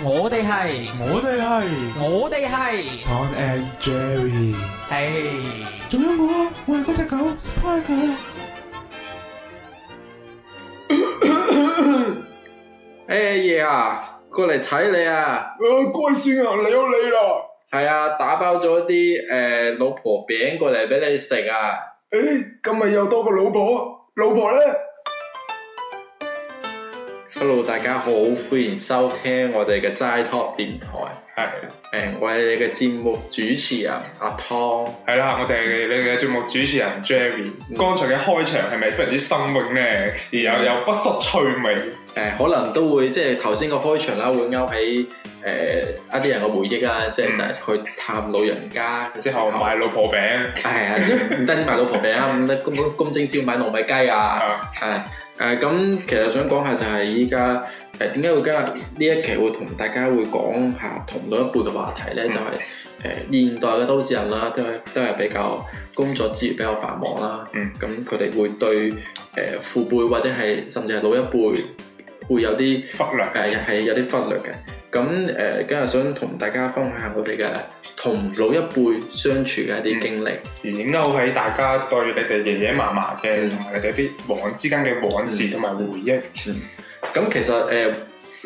我哋係，我哋係，我哋係。Tom and Jerry 係，仲有我，我係嗰隻狗，Spy 狗。爺啊，過嚟睇你啊！乖孫啊，嚟到你啦。係啊，打包咗啲誒老婆餅過嚟俾你食啊！誒，今日又多個老婆，老婆咧？hello，大家好，歡迎收聽我哋嘅齋 top 電台。係，誒，我係你嘅節目主持人阿湯。係啦，我哋你嘅節目主持人 Jerry。剛才嘅開場係咪非常之生動咧？而又有不失趣味。誒，可能都會即係頭先個開場啦，會勾起誒一啲人嘅回憶啊，即係就係去探老人家之後買老婆餅。係啊，唔單止買老婆餅，咁啲公公公蒸燒賣、糯米雞啊，係。誒咁、啊、其實想講下就係依家誒點解會今日呢一期會同大家會講下同老一輩嘅話題呢？嗯、就係、是、誒、呃、現代嘅都市人啦，都係都係比較工作資源比較繁忙啦。咁佢哋會對誒、呃、父輩或者係甚至係老一輩會有啲忽略，係係有啲忽略嘅。咁誒、呃、今日想同大家分享下我哋嘅同老一輩相處嘅一啲經歷，而勾起大家對你哋爺爺嫲嫲嘅同埋你哋啲往之間嘅往事同埋、嗯、回憶。咁、嗯嗯嗯、其實誒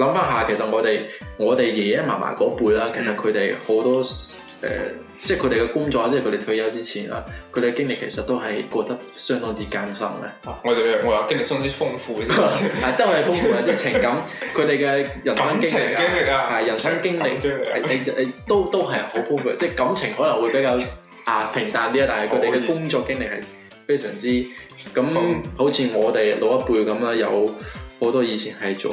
諗翻下，其實我哋我哋爺爺嫲嫲嗰輩啦，嗯、其實佢哋好多。誒、呃，即係佢哋嘅工作，即係佢哋退休之前啦，佢哋嘅經歷其實都係過得相當之艱辛嘅。我哋我又經歷相當之豐富，都係豐富嘅，啲情感、佢哋嘅人生經歷啊，啊人生經歷、啊啊 都，都都係好豐富，即係感情可能會比較啊平淡啲啊，但係佢哋嘅工作經歷係非常之咁，嗯、好似我哋老一輩咁啦，有好多以前係做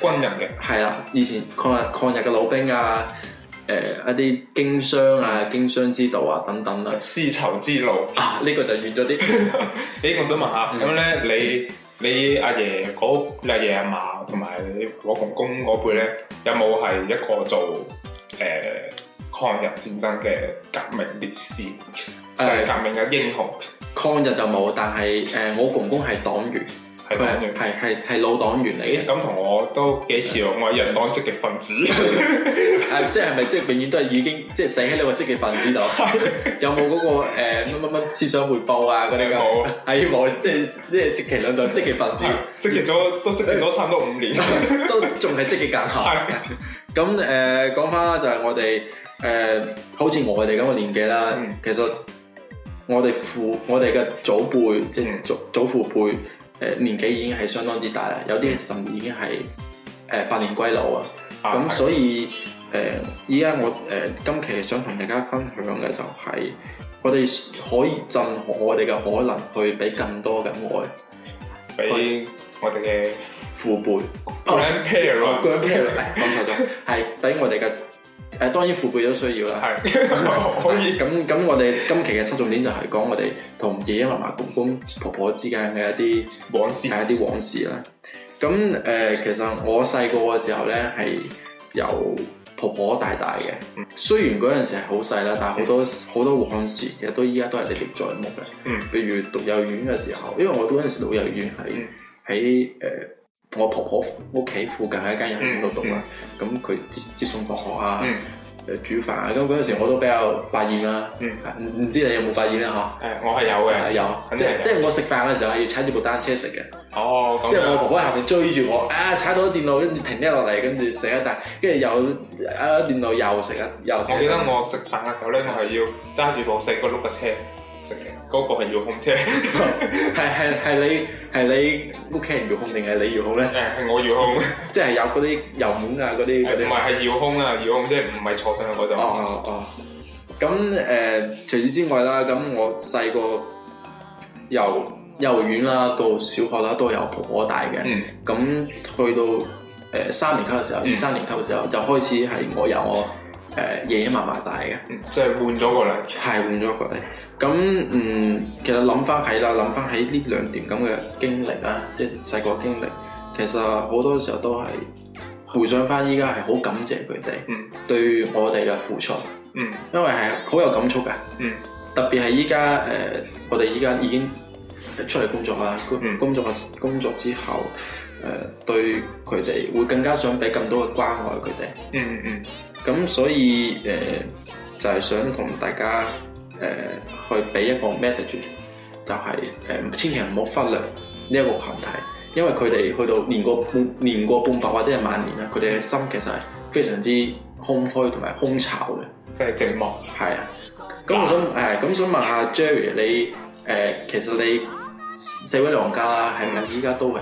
軍人嘅，係啦，以前抗日抗日嘅老兵啊。誒一啲經商啊、經商之道啊等等啦、啊，絲綢之路啊，呢、呢個就遠咗啲。咦， 我想問下，咁咧、嗯、你、嗯、你，你阿爺嗰阿爺阿嫲同埋你我公公嗰輩咧，有冇係一個做誒、呃、抗日戰爭嘅革命烈士，就係、是、革命嘅英雄、呃？抗日就冇，但係誒、呃、我公公係黨員。係，係，係老黨員嚟嘅，咁同我都幾似，我係人黨積極分子，係即係咪即係永遠都係已經即係死喺你個積極分子度？有冇嗰個誒乜乜乜思想回報啊？佢哋噶？冇，係即係即係，即其兩度積極分子，即其咗都即其咗差唔多五年，都仲係積極革命。咁誒講翻就係我哋誒好似我哋咁嘅年紀啦。其實我哋父我哋嘅祖輩即祖祖父輩。誒年紀已經係相當之大啦，有啲甚至已經係誒、呃、百年歸老啊。咁所以誒，依家的、呃、我誒、呃、今期想同大家分享嘅就係、是，我哋可以盡我哋嘅可能去俾更多嘅愛，俾我哋嘅是父輩、oh, grandparent、oh, oh, grandparent，講錯咗，係俾 我哋嘅。誒當然父輩都需要啦。係可以咁咁，我哋今期嘅側重點就係講我哋同爺爺嫲嫲公公婆婆之間嘅一啲往事，係一啲往事啦。咁誒、呃，其實我細個嘅時候咧係由婆婆大大嘅，雖然嗰陣時係好細啦，但係好多好、嗯、多往事其實都依家都係歷歷在目嘅。嗯，譬如讀幼兒園嘅時候，因為我嗰陣時讀幼兒園喺喺誒，我婆婆屋企附近係一間幼兒園度讀啊，咁佢接接送放學啊，煮飯啊，咁嗰陣時我都比較百厭啦，唔知你有冇發現咧嗬？我係有嘅，有，即即我食飯嘅時候係要踩住部單車食嘅。哦，即係我婆婆喺後邊追住我，啊踩到電腦跟住停一落嚟，跟住食一啖，跟住又啊電腦又食啦，又我記得我食飯嘅時候呢，我係要揸住部四個轆嘅車。食嘅嗰個係遙控車， 係係係你係你屋企人遙控定係你遙控咧？誒係、啊、我遙控、 啊啊啊，即係有嗰啲油門啊嗰啲嗰啲。唔係係遙控啊遙控，即係唔係坐上嗰度、哦。哦哦哦。咁誒除此之外啦，咁我細個由幼兒園啦到小學啦都係由婆婆帶嘅。咁、嗯、去到誒三年級嘅時候，二三年級嘅時候、嗯、就開始係我由我誒爺爺嫲嫲帶嘅。即、呃、係、um、換咗個嚟。係換咗個嚟。咁嗯，其實諗翻起啦，諗翻起呢兩段咁嘅經歷啦，即係細個經歷，其實好多時候都係回想翻依家係好感謝佢哋，對我哋嘅付出，嗯、因為係好有感觸嘅，嗯、特別係依家誒，我哋依家已經出嚟工作啦，嗯、工作嘅工作之後，誒、呃、對佢哋會更加想俾更多嘅關愛佢哋，咁、嗯嗯嗯、所以誒、呃、就係、是、想同大家。誒、呃、去俾一個 message，就係、是、誒、呃、千祈唔好忽略呢一個羣體，因為佢哋去到年過半年過半百或者係晚年咧，佢哋嘅心其實係非常之空虛同埋空巢嘅，即係寂寞。係啊，咁我想誒咁、呃、想問下 Jerry，你誒、呃、其實你四位老人家啦，係咪依家都係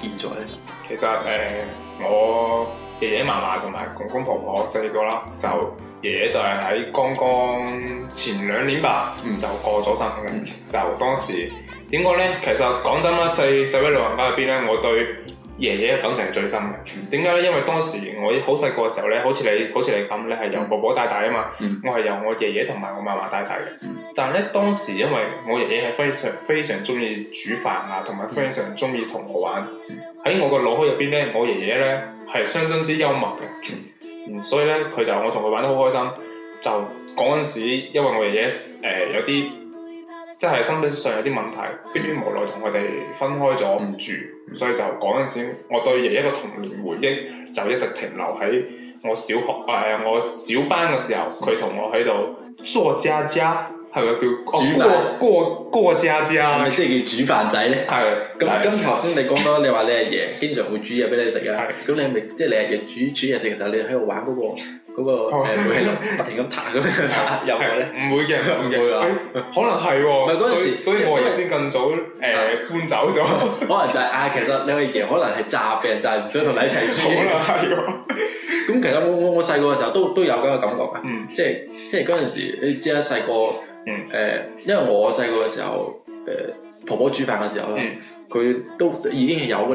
健在咧？其實誒、呃、我爺爺嫲嫲同埋公公婆婆婆四個啦，就。嗯爺爺就係喺剛剛前兩年吧，嗯、就過咗身。嘅、嗯。就當時點講呢？其實講真啦，細細位老人家入邊呢，我對爺爺嘅感情最深嘅。點解、嗯、呢？因為當時我好細個嘅時候呢，好似你好似你咁，你係由婆婆帶大啊嘛。嗯、我係由我爺爺同埋我嫲嫲帶大嘅。嗯、但係呢，當時因為我爺爺係非常非常中意煮飯啊，同埋非常中意同我玩。喺、嗯、我個腦海入邊爺爺爺呢，我爺爺呢係相當之幽默嘅。所以咧，佢就我同佢玩得好開心，就嗰陣時，因為我爺爺誒、呃、有啲即係心理上有啲問題，逼於無奈同佢哋分開咗唔、嗯、住，所以就嗰陣時，我對爺爺嘅童年回憶就一直停留喺我小學誒、呃、我小班嘅時候，佢同、嗯、我喺度做渣渣家家。係咪叫煮飯過過過家家，係咪即係叫煮飯仔咧？係咁，咁頭先你講到，你話你阿爺經常會煮嘢俾你食啊。咁你咪即係你阿爺煮煮嘢食嘅時候，你喺度玩嗰個嗰個會喺度不停咁爬咁樣爬，又係咧？唔會嘅，唔會啊。可能係喎。咪嗰陣時，所以我而家先咁早誒搬走咗。可能就係啊，其實你阿爺可能係炸病，就係唔想同你一齊住。可能係咁。咁其實我我我細個嘅時候都都有咁嘅感覺噶，即係即係嗰陣時，你知啦，細個。誒，嗯、因為我細個嘅時候，誒，婆婆煮飯嘅時候佢、嗯、都已經係有嗰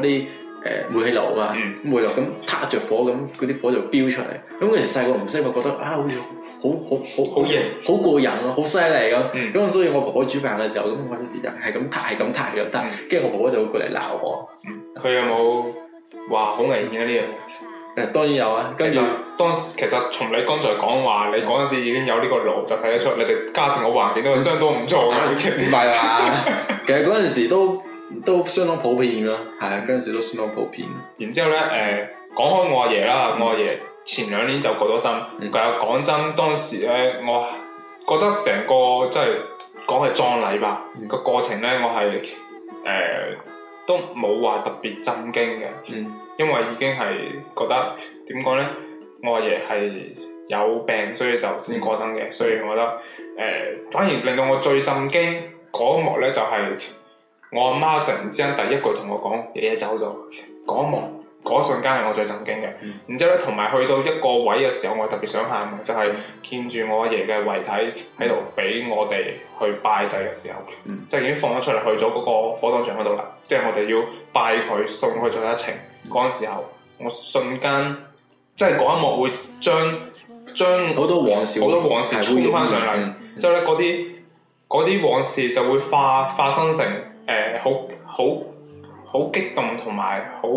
啲誒煤氣爐啊嘛，嗯、煤氣爐咁撻着火咁，嗰啲火就飆出嚟。咁其實細個唔識，我覺得啊，好似好好好好型，好，好過癮啊，好犀利咁。咁、嗯、所以，我婆婆煮飯嘅時候咁，我啲人係咁撻，係咁撻，係咁撻，跟住我婆婆就會過嚟鬧我。佢、嗯、有冇話好危險嗰啲啊？ 誒，當然有啊。跟住，當時其實從你剛才講話，你嗰陣時已經有呢個腦，嗯、就睇得出你哋家庭嘅環境都相當唔錯嘅。唔係、嗯實啊、啦。 其實嗰陣時都都相當普遍啦。係啊，嗰陣時都相當普遍。然之後咧，誒、呃，講開我阿爺啦，我阿爺、嗯、前兩年就過咗身。嗯、但係講真，當時呢，我覺得成個即係講係葬禮吧，個、嗯、過程呢，我係誒、呃、都冇話特別震驚嘅。嗯因為已經係覺得點講呢？我阿爺係有病，所以就先過身嘅。嗯、所以我覺得誒、呃，反而令到我最震驚嗰一幕呢，就係、是、我阿媽突然之間第一句同我講：爺爺走咗。嗰一幕，嗰瞬間係我最震驚嘅。嗯、然之後咧，同埋去到一個位嘅時候，我特別想喊，嘅就係、是、見住我阿爺嘅遺體喺度俾我哋去拜祭嘅時候，嗯、就已經放咗出嚟去咗嗰個火葬場嗰度啦。即、就、係、是、我哋要拜佢，送佢最後一程。嗰陣時候，我瞬間即係嗰一幕會將將好多往事好多往事衝翻上嚟，之後咧嗰啲啲往事就會化化身成誒、呃、好好好激動同埋好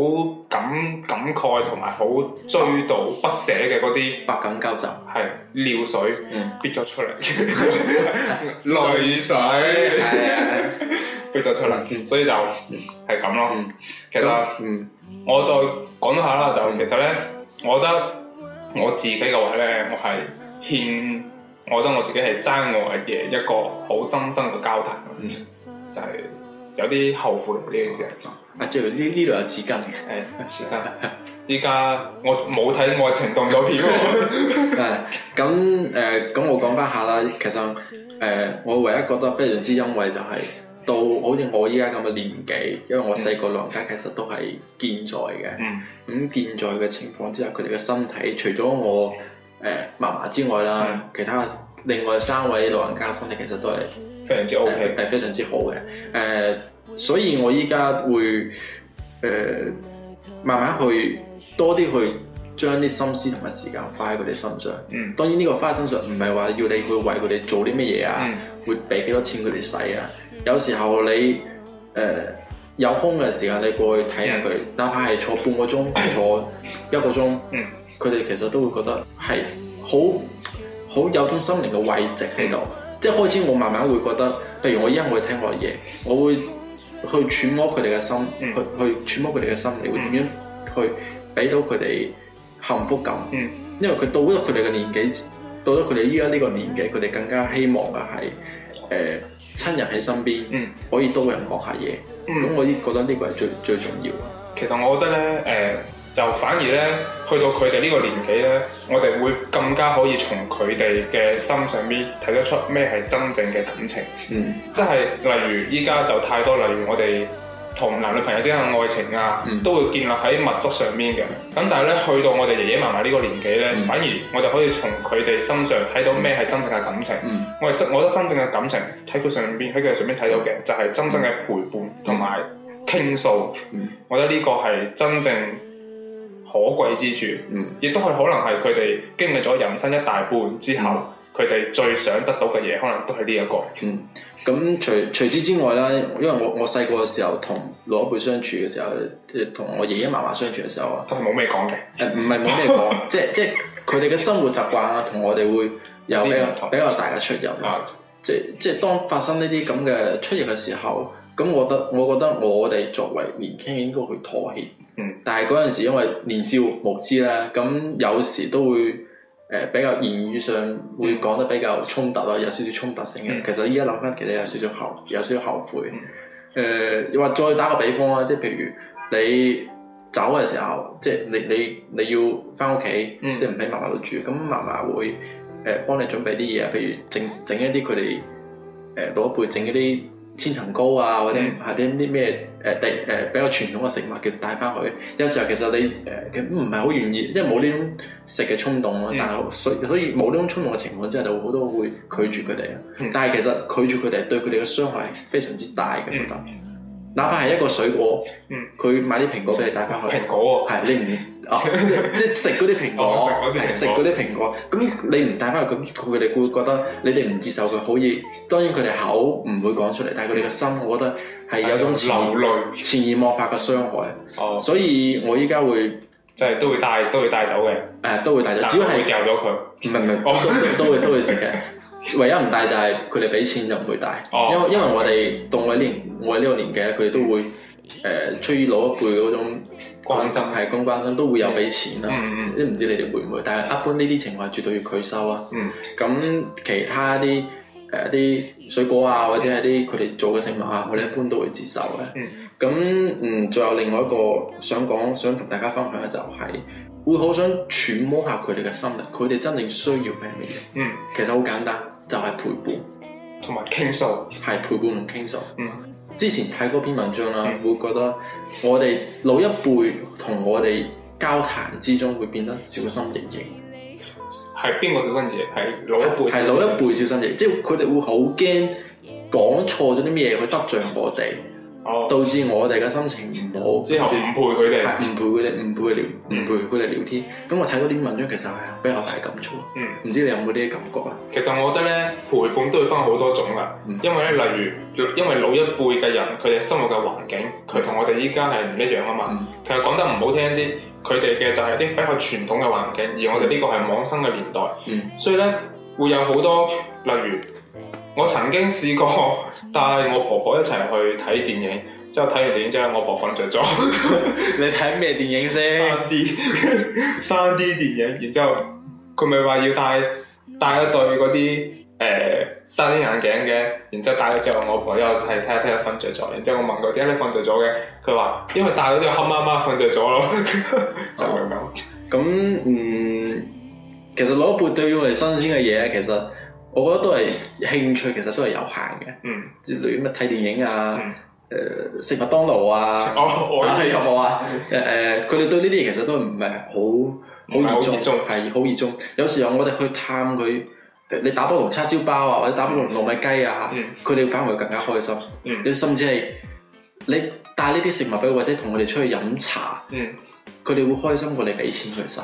感感慨同埋好追悼、啊、不捨嘅嗰啲百感交集，係尿水憋咗、嗯、出嚟，淚 水係。逼咗出嚟，嗯、所以就係咁咯。嗯、其實、嗯、我再講一下啦，就其實呢，嗯我我呢我，我覺得我自己嘅話呢，我係欠我覺得我自己係爭我阿爺一個好真心嘅交談，嗯、就係有啲後悔呢件事。阿 j 呢呢度有紙巾嘅，誒紙巾。依 家我冇睇《愛情動作片》 嗯。咁誒，咁、呃、我講翻下啦。其實誒、呃，我唯一覺得非常之欣慰就係、是。到好似我依家咁嘅年紀，因為我細個老人家其實都係健在嘅。咁、嗯、健在嘅情況之下，佢哋嘅身體除咗我誒、呃、嫲嫲之外啦，嗯、其他另外三位老人家嘅身體其實都係非常之 OK，係非常之好嘅。誒、呃，所以我依家會誒、呃、慢慢去多啲去將啲心思同埋時間花喺佢哋身上。嗯、當然呢個花喺身上唔係話要你去為佢哋做啲乜嘢啊，嗯、會俾幾多錢佢哋使啊。有時候你誒、呃、有空嘅時間，你過去睇下佢，哪怕係坐半個鐘，坐一個鐘，佢哋、嗯、其實都會覺得係好好，有種心靈嘅慰藉喺度。嗯、即係開始，我慢慢會覺得，譬如我依家會聽我嘅嘢，我會去揣摩佢哋嘅心，嗯、去去揣摩佢哋嘅心理，你、嗯、會點樣去俾到佢哋幸福感？嗯、因為佢到咗佢哋嘅年紀，到咗佢哋依家呢個年紀，佢哋更加希望嘅係誒。呃親人喺身邊，嗯、可以多人講下嘢，咁、嗯、我依覺得呢個係最最重要。其實我覺得呢，誒、呃、就反而呢，去到佢哋呢個年紀呢，我哋會更加可以從佢哋嘅心上面睇得出咩係真正嘅感情。嗯，即係例如依家就太多，嗯、例如我哋。同男女朋友之間嘅愛情啊，嗯、都會建立喺物質上面嘅。咁但係咧，去到我哋爺爺嫲嫲呢個年紀呢、嗯、反而我就可以從佢哋身上睇到咩係真正嘅感情。嗯、我覺得真正嘅感情喺佢上邊喺佢上邊睇到嘅，嗯、就係真正嘅陪伴同埋、嗯、傾訴。嗯、我覺得呢個係真正可貴之處，亦都係可能係佢哋經歷咗人生一大半之後。嗯佢哋最想得到嘅嘢，可能都係呢一個。嗯，咁除除此之外啦，因為我我細個嘅時候同老一輩相處嘅時候，即係同我爺爺嫲嫲相處嘅時候啊，都冇咩講嘅。誒、呃，唔係冇咩講，即即係佢哋嘅生活習慣啊，同我哋會有比較比較大嘅出入。啊、嗯，即即係當發生呢啲咁嘅出入嘅時候，咁我覺得我覺得我哋作為年輕人應該會去妥協。嗯，但係嗰陣時因為年少無知啦，咁有時都會。誒、呃、比較言語上會講得比較衝突咯，有少少衝突性嘅。嗯、其實依家諗翻，其實有少少後，有少少後悔。你話、嗯呃、再打個比方啦，即係譬如你走嘅時候，即係你你你要翻屋企，嗯、即係唔喺嫲嫲度住，咁嫲嫲會誒、呃、幫你準備啲嘢，譬如整整一啲佢哋誒老一輩整一啲。千層糕啊，或者係啲啲咩誒第誒比較傳統嘅食物，叫帶翻去。有時候其實你誒佢唔係好願意，因為冇呢種食嘅衝動咯。嗯、但係所所以冇呢種衝動嘅情況之下，就好多會拒絕佢哋。嗯、但係其實拒絕佢哋對佢哋嘅傷害非常之大嘅，我覺得。哪怕係一個水果，佢、嗯、買啲蘋果俾你帶翻去，蘋果、啊是，係拎唔。哦，即係食嗰啲蘋果，食嗰啲蘋果。咁你唔帶翻去，咁佢哋會覺得你哋唔接受佢好意，當然佢哋口唔會講出嚟，但係佢哋嘅心，我覺得係有種流淚、潛移默化嘅傷害。哦，所以我依家會即係都會帶，都會帶走嘅。誒，都會帶走，只要係掉咗佢。唔係唔係，都都都會都會食嘅。唯一唔帶就係佢哋俾錢就唔會帶，因為因為我哋到我呢，我喺呢個年紀，佢哋都會。誒、呃，出於老一輩嗰種關心，係關心、公關心，都會有俾錢啦、啊。啲唔、嗯嗯、知你哋會唔會？但係一般呢啲情況絕對要拒收啊。咁、嗯、其他啲誒啲水果啊，或者係啲佢哋做嘅食物啊，我哋一般都會接受嘅。咁嗯，仲、嗯、有另外一個想講，想同大家分享嘅、就是，就係會好想揣摩下佢哋嘅心理，佢哋真正需要嘅係咩？嗯、其實好簡單，就係、是、陪伴同埋傾訴，係陪伴同傾訴。嗯之前睇嗰篇文章啦，嗯，會覺得我哋老一輩同我哋交談之中會變得小心翼翼。係邊個小心翼翼？係老一輩。係老一輩小心翼翼，即係佢哋會好驚講錯咗啲咩嘢去得罪我哋。導致我哋嘅心情唔好，之後唔、啊、陪佢哋，唔陪佢哋，唔、嗯、陪佢哋，唔陪佢哋聊天。咁我睇到啲文章，其實係比較大感觸。唔、嗯、知你有冇呢啲感覺咧？其實我覺得咧，陪伴都要分好多種啦。因為咧，例如，因為老一輩嘅人，佢哋生活嘅環境，佢同我哋依家係唔一樣啊嘛。其實講得唔好聽啲，佢哋嘅就係啲比較傳統嘅環境，而我哋呢個係網生嘅年代。嗯、所以咧，會有好多，例如。我曾經試過帶我婆婆一齊去睇電影，之後睇完電影之後，我婆瞓着咗。 你睇咩電影先？三 D，三 D 電影。然之後佢咪話要戴戴一對嗰啲誒三 D 眼鏡嘅，然之後戴咗之後，我婆又睇睇下睇下瞓着咗。然之後我,婆婆看看後我問佢點解你瞓着咗嘅，佢話因為戴咗之後黑媽媽瞓着咗咯， 就咁樣問。咁、哦、嗯，其實攞一部對於我哋係新鮮嘅嘢，其實。我覺得都係興趣，其實都係有限嘅。嗯，例如咩啊，睇電影啊，誒，食麥當勞啊，我哋有冇啊？誒誒，佢哋對呢啲嘢其實都唔係好好熱衷，係好熱衷。有時候我哋去探佢，你打包籠叉燒包啊，或者打包籠糯米雞啊，佢哋反而會更加開心。你甚至係你帶呢啲食物俾佢，或者同佢哋出去飲茶，佢哋會開心過你俾錢佢使。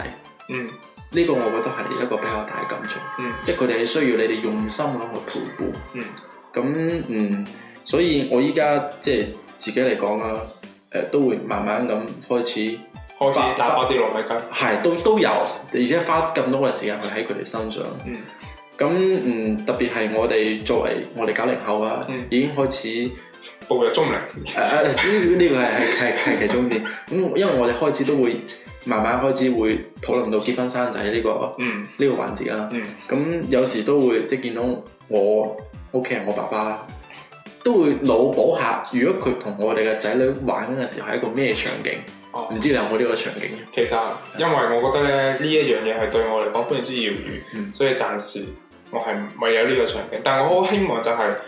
嗯。呢個我覺得係一個比較大嘅感觸，嗯、即係佢哋需要你哋用心咁去陪伴。咁嗯，嗯，所以我依家即係自己嚟講啦，誒、呃、都會慢慢咁開始發，開始打我啲糯米雞，係發都都有，而且花更多嘅時間喺佢哋身上。咁嗯，嗯，特別係我哋作為我哋九零後啊，嗯、已經開始步入中年。誒呢、啊這個係係係其中點咁，因為我哋開始都會。慢慢開始會討論到結婚生仔呢、就是這個呢、嗯、個環節啦。咁、嗯、有時都會即、就是、見到我屋企人，我爸爸啦，都會腦補下，如果佢同我哋嘅仔女玩嘅時候係一個咩場景？唔、哦、知你有冇呢個場景？哦、其實、嗯、因為我覺得咧呢、嗯、一樣嘢係對我嚟講非常之遙遠，嗯、所以暫時我係未有呢個場景。但我好希望就係、是、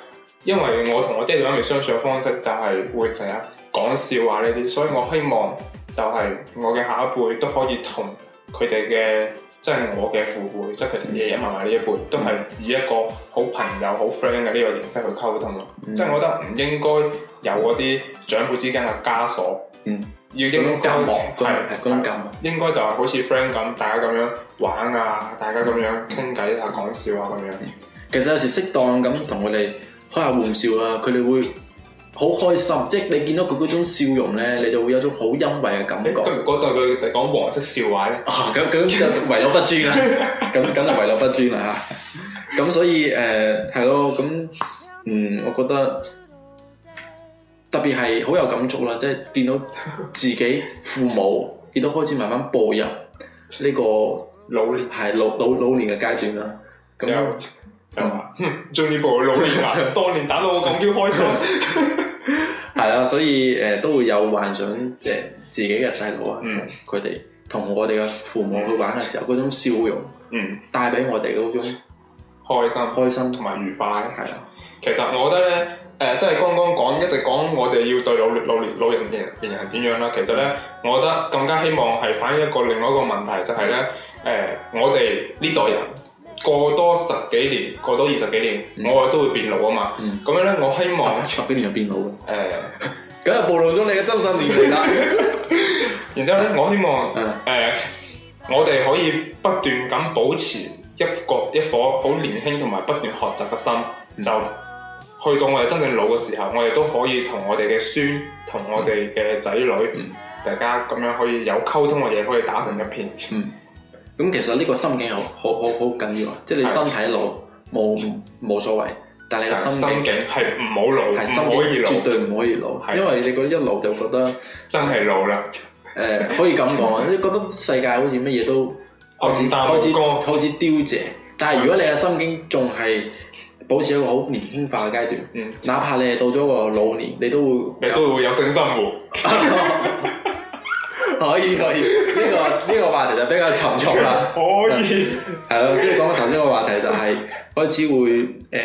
因為我同我爹哋媽咪相處嘅方式就係會成日。講笑話呢啲，所以我希望就係我嘅下一輩都可以同佢哋嘅，即、就、係、是、我嘅父輩，即係佢哋爺爺嫲嫲呢一輩，都係以一個好朋友、好 friend 嘅呢個形式去溝通咯。即係、嗯、我覺得唔應該有嗰啲長輩之間嘅枷鎖，嗯、要應該係關應該就係好似 friend 咁，大家咁樣玩啊，大家咁樣傾偈下講、嗯、笑啊咁樣。其實有時適當咁同佢哋開下玩笑啊，佢哋會。好開心，即係你見到佢嗰種笑容咧，你就會有種好欣慰嘅感覺。佢唔覺得佢講黃色笑話咧、啊？咁咁就為咗不專啦，咁咁就為咗不專啦嚇。咁所以誒係、呃、咯，咁嗯，我覺得特別係好有感觸啦，即係見到自己父母亦都開始慢慢步入呢個老年，係老老老年嘅階段啦、啊。咁就終於步入老年啦、啊， 當年打到我咁叫開心。 係啊， 嗯、所以誒都會有幻想，即係自己嘅細路啊，佢哋同我哋嘅父母去玩嘅時候，嗰種笑容帶俾、嗯、我哋嗰種開心、開心同埋愉快。係啊的，其實我覺得咧，誒即係剛剛講一直講我哋要對老年、老年、老人嘅人係點樣啦。其實咧，嗯、我覺得更加希望係反映一個另外一個問題，就係、是、咧，誒、嗯呃、我哋呢代人。過多十幾年，過多二十幾年，嗯、我哋都會變老啊嘛。咁、嗯、樣呢，我希望、啊、十幾年就變老嘅。誒、呃，咁又暴露咗你嘅真實年齡啦。然之後呢，我希望誒、嗯呃，我哋可以不斷咁保持一個一顆好年輕同埋不斷學習嘅心，嗯、就去到我哋真正老嘅時候，我哋都可以同我哋嘅孫同我哋嘅仔女，嗯嗯、大家咁樣可以有溝通嘅嘢，可以打成一片。嗯咁其實呢個心境好好好好緊要啊！即係你身體老冇冇所謂，但係你個心境係唔好老，係心境絕對唔可以老，因為你覺得一老就覺得真係老啦。誒，可以咁講，你覺得世界好似乜嘢都開始開始開始凋謝，但係如果你嘅心境仲係保持一個好年輕化嘅階段，哪怕你係到咗個老年，你都會你都會有性生活。可以可以，呢、 這個呢、這個話題就比較沉重啦。可以，係咯、嗯，即係講頭先個話題就係開始會誒、呃、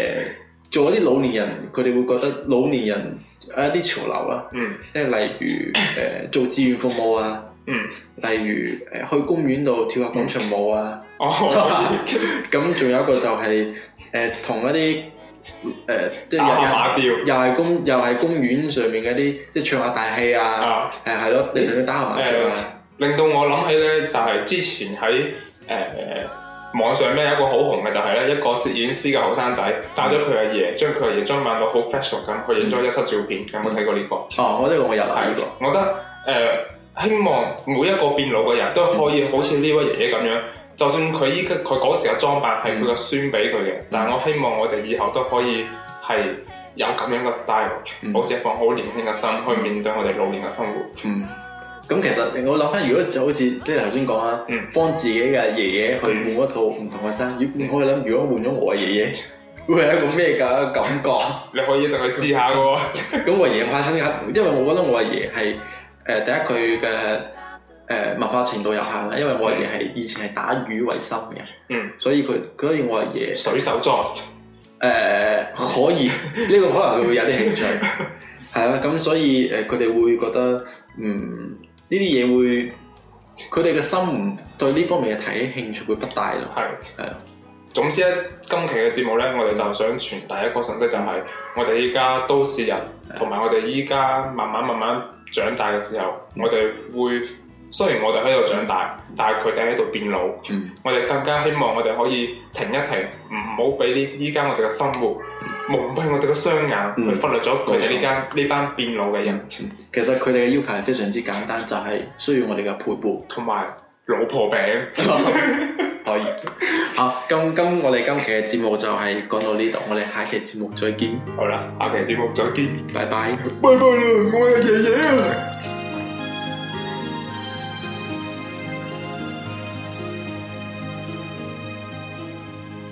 做一啲老年人，佢哋會覺得老年人有一啲潮流啦。嗯，即係例如誒、呃、做志願服務啊，嗯，例如誒、呃、去公園度跳下廣場舞啊。哦、嗯，咁仲 有一個就係誒同一啲。誒，即係打下馬吊，又係公，又係公園上面嗰啲，即係唱下大戲啊！誒，係咯，你同佢打下麻雀啊！令到我諗起咧，就係之前喺誒網上咩一個好紅嘅，就係咧一個攝影師嘅後生仔帶咗佢阿爺，將佢阿爺裝扮到好 fashion 咁去影咗一輯照片，有冇睇過呢個？哦，呢個我又睇過。我覺得誒，希望每一個變老嘅人都可以好似呢位爺爺咁樣。就算佢依家佢嗰時嘅裝扮係佢個孫俾佢嘅，嗯、但係我希望我哋以後都可以係有咁樣嘅 style，嗯、保持一份好年輕嘅心去面對我哋老年嘅生活。嗯，咁其實我諗翻，如果就好似即係頭先講啊，嗯、幫自己嘅爺爺去換一套唔同嘅衫，我係諗如果換咗我嘅爺爺，嗯、會係一個咩嘅感覺？你可以就去試下嘅喎。咁 我爺爺發生嘅，因為我覺得我阿爺係誒、呃、第一佢嘅。他他誒文化程度有限咧，因為我哋係以前係打魚為生嘅，嗯，所以佢，所以我嘢水手作。誒可以呢個可能佢會有啲興趣，係啦，咁所以誒佢哋會覺得，嗯呢啲嘢會，佢哋嘅心對呢方面嘅睇興趣會不大咯，係係。總之咧，今期嘅節目咧，我哋就想傳達一個信息，就是，就係我哋依家都市人，同埋的我哋依家慢慢慢慢長大嘅時候，嗯，我哋會。雖然我哋喺度長大，但係佢哋喺度變老，嗯、我哋更加希望我哋可以停一停，唔好俾呢依家我哋嘅生活蒙蔽，嗯、我哋嘅雙眼，去忽略咗佢哋呢間呢班變老嘅人，嗯。其實佢哋嘅要求係非常之簡單，就係、是、需要我哋嘅陪伴同埋老婆餅。 可以，好、啊，咁今我哋今期嘅節目就係講到呢度，我哋下期節目再見。好啦，下期節目再見， 拜拜，拜拜啦，我係爺爺。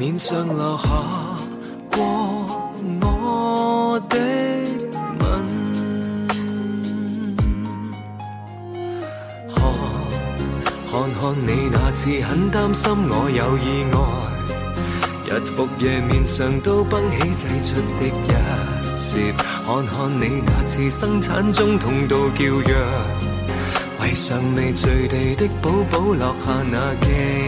面上留下過我的吻，看看看你那次很擔心我有意外，日復夜面上都繃起擠出的一字，看看你那次生產中痛到叫嚷，為尚未墜地的寶寶落下那記。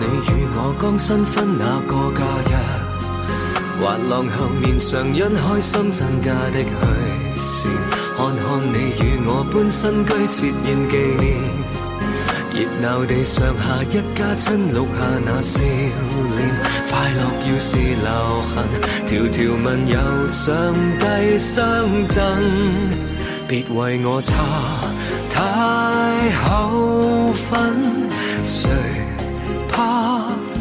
你與我剛新婚那個假日，滑浪後面上因開心，增加的曲線。看看你與我搬新居設宴紀念，熱鬧地上下一家親，錄下那笑臉。快樂要是留痕條條文，迢迢由上帝相贈，別為我擦太厚粉。誰？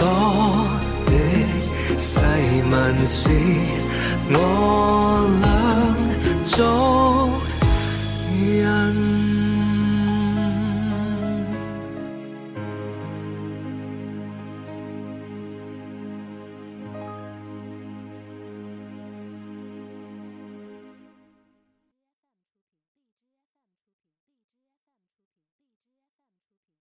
多的細問，是我倆足印。